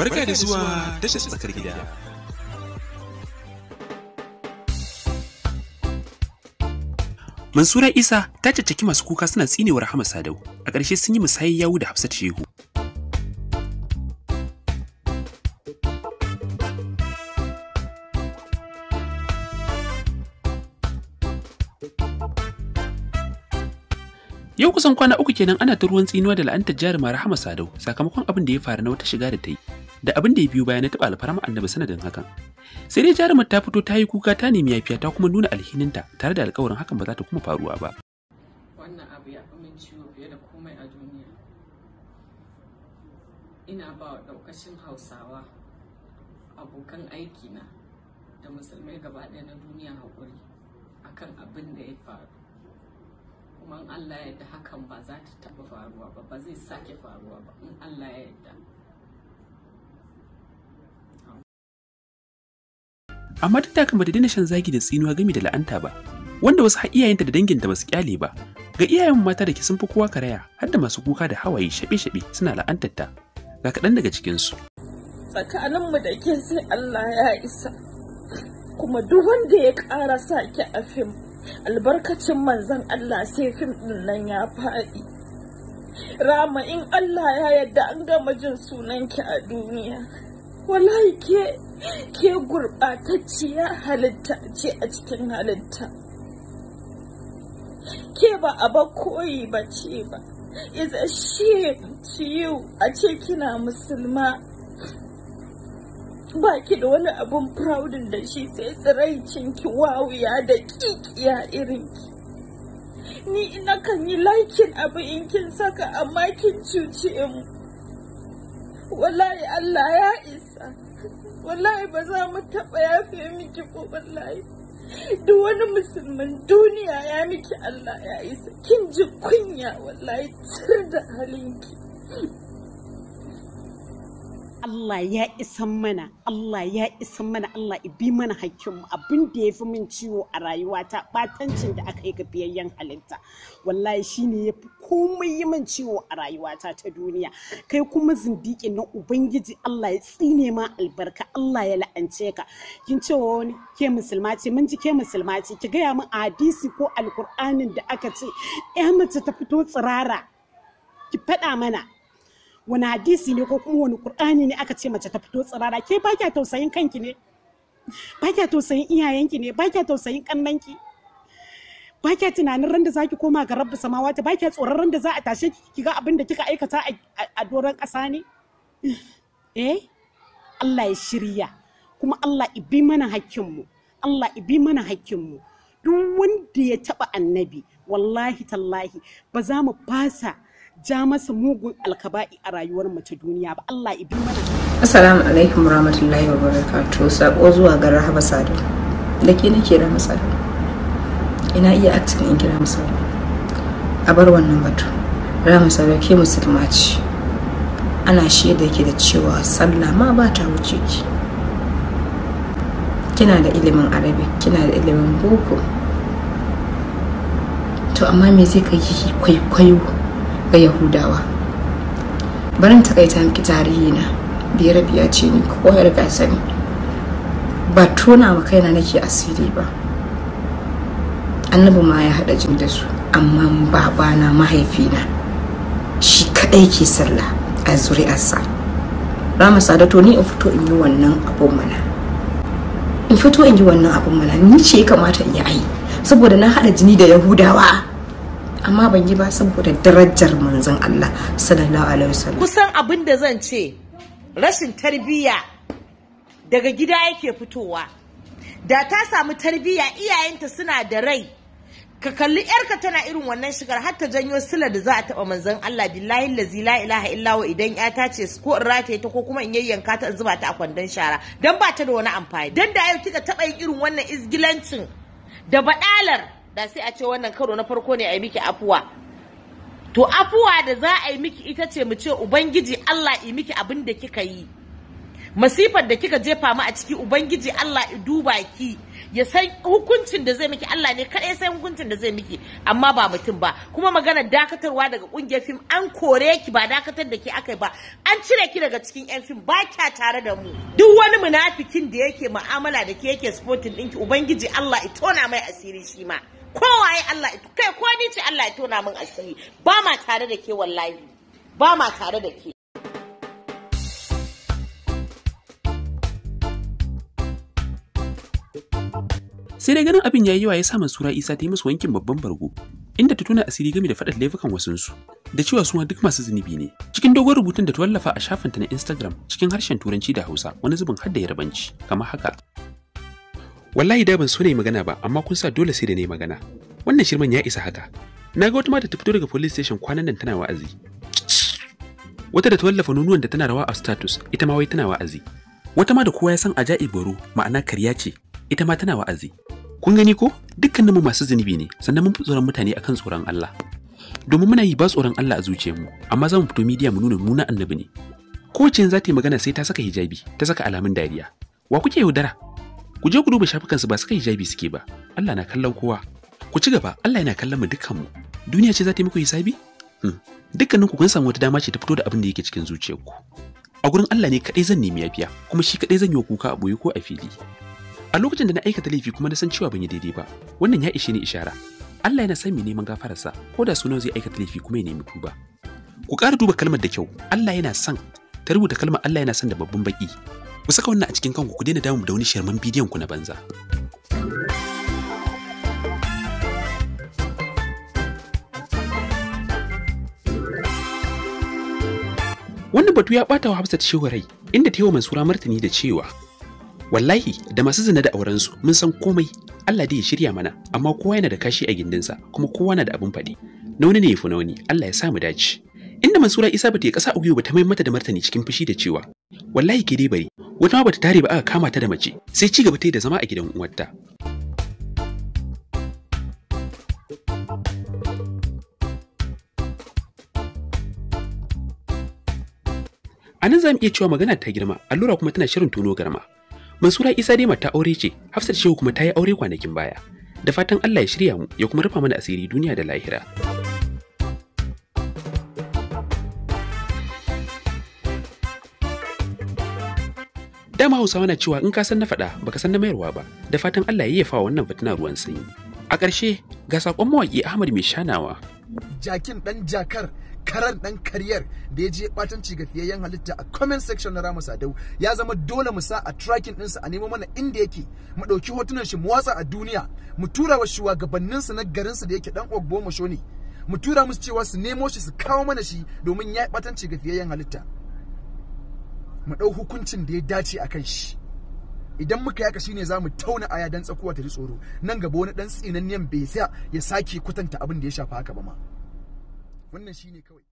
Barka da zuwa tashar tsakar gida. Mansura Isa ta caccaki masu kuka suna tsinewar Hamas Sadau, a ƙarshe sun yi musayi yawu da Hafsat Shehu. Yau kusan kwana uku kenan ana ta ruwan tsinuwa da la'antar jarumar Hamas Sadau sakamakon abin da ya faru na wata shiga da ta yi. da abin da ya biyo baya na taɓa alfarma annabi sanadin hakan sai dai jarumar ta fito ta yi kuka ta nemi yafiya ta kuma nuna alhininta tare da alkawarin hakan ba za ta kuma faruwa ba wannan abu ya fi min ciwo fiye da komai a duniya ina ba wa ɗaukashin hausawa abokan aikina da musulmai gaba ɗaya na duniya haƙuri akan abin da ya faru kuma in allah ya yarda hakan ba za ta taɓa faruwa ba ba zai sake faruwa ba in allah ya yarda amma duk da ba ta daina shan zagi da tsinuwa gami da la'anta ba wanda wasu har iyayenta da danginta ba su kyale ba ga iyayen mata da ke sun fi kowa karaya har da masu kuka da hawaye shaɓe-shaɓe suna la'antarta. ta ga kaɗan daga cikinsu. tsakaninmu da ke sai Allah ya isa kuma duk wanda ya ƙara sa ki a fim albarkacin manzon Allah sai fim ɗin nan ya faɗi rama in Allah ya yadda an gama jin ki a duniya wallahi ke ke gurɓatacciya halitta ce a cikin halitta ke ba a ba koyi ba ce ba is a shame to you a ce kina musulma ba ki da wani abun proudin da shi sai tsiraicin ki wawuya da kikiya irin ki ni ina kan yi laikin abu in kin saka amma kin cuce mu wallahi Allah ya isa wallahi ba za mu taɓa yafe miki ko wallahi duk wani musulman duniya ya miki Allah ya isa kin ji kunya wallahi tsir da halinki Allah ya isan mana Allah ya isan mana Allah ibi mana mu abin da ya fi min ciwo a rayuwata batancin da aka yi ga biyayyen halitta wallahi shine ya fi komai yi min ciwo a rayuwata ta duniya kai kuma zindiki na ubangiji Allah ya tsine ma albarka Allah ya la'ance ka kin ce wa wani ke musulma ce mun ji ke musulma ce ki gaya min a hadisi ko alkur'anin da aka ce ya mace ta fito tsirara ki faɗa mana wani hadisi ne ko kuma wani Kur'ani ne aka ce mace ta fito tsirara ke ba kya tausayin kanki ne ba kya tausayin iyayenki ne ba kya tausayin kannanki ba kya tunanin ran da zaki koma ga rabbi samawati ba kya tsoron ran da za a tashe ki ga abin da kika aikata a doron kasa ne eh Allah ya shirya kuma Allah ibi mana hakkinmu Allah ibi mana hakkinmu duk wanda ya taba annabi wallahi tallahi ba za mu fasa ja masa mugun alkaba'i a rayuwar mace duniya ba Allah ibi mana Assalamu alaikum warahmatullahi wabarakatuh sako zuwa ga Rahaba Sado da ke nake da masala ina iya acting in kira masa a bar wannan batu Rahaba Sado ke musulma ce ana shaida ke da cewa sallah ma ba ta wuce ki kina da ilimin arabic kina da ilimin boko to amma me zai kai ki kwaikwayo ga yahudawa barin takaita miki tarihi na biyar biya ce ni koyar gasa ne ba tona ma kaina nake asiri ba annabi ma ya haɗa jini da su amma babana mahaifina shi kaɗai ke sallah a zuri'arsa rama to ni in fito in yi wannan abun mana in fito in yi wannan abun mana ni ce kamata in yi ai saboda na haɗa jini da yahudawa amma ban yi ba saboda darajar manzon Allah sallallahu alaihi wasallam kusan abin da zan ce rashin tarbiyya daga gida yake fitowa da ta samu tarbiyya iyayenta suna da rai ka kalli yarka tana irin wannan shigar har ta janyo sila da za a taba manzon Allah billahi lazi la ilaha illa wa idan ya ta ce ko in rataye ta ko kuma in yayyanka ta in zuba ta a kwandon shara dan ba ta da wani amfani dan da yau kika taba yin irin wannan izgilancin da badalar da sai a ce wannan karo na farko ne a yi miki afuwa to afuwa da za a yi miki ita ce mu ce ubangiji Allah yi miki abin da kika yi masifar da kika jefa mu a ciki ubangiji Allah i duba ki ya san hukuncin da zai miki Allah ne ya san hukuncin da zai miki amma ba mutum ba kuma magana dakatarwa daga ƙungiyar fim an kore ki ba dakatar da ki akai ba an cire ki daga cikin yan fim ba kya tare da mu duk wani munafikin da yake mu'amala da ke yake sporting ɗinki ubangiji Allah i tona mai asiri shi ma kowaye Allah kai ko ni ce Allah ya tona min asiri ba ma tare da ke wallahi ba ma tare da ke sai dai ganin abin yayi yawa ya sa Isa ta yi musu wankin babban bargo inda ta tuna asiri game da faɗar laifukan wasunsu da cewa su duk masu zunubi ne cikin dogon rubutun da ta wallafa a shafinta na Instagram cikin harshen Turanci da Hausa wani zubin hadda da Yarbanci kamar haka wallahi da ban so ne magana ba amma kun sa dole sai da ne magana wannan shirman ya isa haka na ga wata mata ta fito daga police station kwanan nan tana wa'azi wata da ta wallafa nunuwan da tana rawa a status ita ma wai tana wa'azi wata ma da kowa ya san aja'i baro ma'ana karya ce ita ma tana wa'azi kun gani ko mu masu zunubi ne sannan mun fi tsoron mutane akan tsoron Allah domin muna yi ba tsoron Allah a zuciyarmu amma za mu fito midiya mu nuna mu na annabi ne kowace za ta yi magana sai ta saka hijabi ta saka alamun dariya wa kuke yaudara Ku je ku duba shafukansu ba su kai hijabi suke ba. Allah na kallon kowa. Ku ci gaba, Allah yana kallon mu dukkanmu. Duniya ce za ta yi muku hisabi? Hmm. Dukkaninku kun samu wata dama ce ta fito da abin da yake cikin zuciyarku. A gurin Allah ne kadai zan nemi yafiya, kuma shi kadai zan yi kuka a boye ko a fili. A lokacin da na aikata laifi kuma na san cewa ban yi daidai ba, wannan ya ishe ni ishara. Allah yana san mai neman gafararsa, ko da sunan zai aikata laifi kuma ya nemi tuba. Ku ƙara duba kalmar da kyau, Allah yana son, ta rubuta kalmar Allah yana son da babban baki. Ku saka wannan a cikin kanku ku daina damu da wani sharman bidiyon ku na banza. Wannan batu ya ɓata wa Hafsat Shehu rai inda ta yi wa Mansura martani da cewa Wallahi da masu zina da aurensu mun san komai Allah dai ya shirya mana amma kowa yana da kashi a gindinsa kuma kowa na da abin faɗi na wani ne ya fi na wani Allah ya sa mu dace inda Mansura Isa bata yi ƙasa ugu ba ta mai mata da martani cikin fushi da cewa wallahi ke dai bari wata ma bata tare ba aka kama ta da mace sai ci gaba ta yi da zama a gidan uwarta a nan za mu iya cewa magana ta girma allura kuma tana shirin tono garma mansura isa dai ta aure ce hafsat shehu kuma ta yi aure kwanakin baya da fatan allah ya shirya mu ya kuma rufa mana asiri duniya da lahira. dama hausawa na cewa in ka san na faɗa baka san na mayarwa ba da fatan Allah ya yafa wannan fitina ruwan sanyi a ƙarshe ga saƙon mawaƙi Ahmad mai shanawa jakin dan jakar karan dan karyar da ya je batanci ga fiyayyen halitta a comment section na Ramu Sadau ya zama dole mu sa a tracking ɗinsa a nemo mana inda yake mu ɗauki hotunan shi mu watsa a duniya mu tura wa su na garinsa da yake dan Ogbo mu ne mu tura musu cewa su nemo shi su kawo mana shi domin ya batanci ga fiyayyen halitta mu ɗau hukuncin da ya dace a kan shi idan muka yaka shine za mu tauna aya dan tsakuwa ta ji tsoro nan gaba wani dan tsinanniyan bai sa ya sake kwatanta abin da ya shafa haka ba ma wannan shine kawai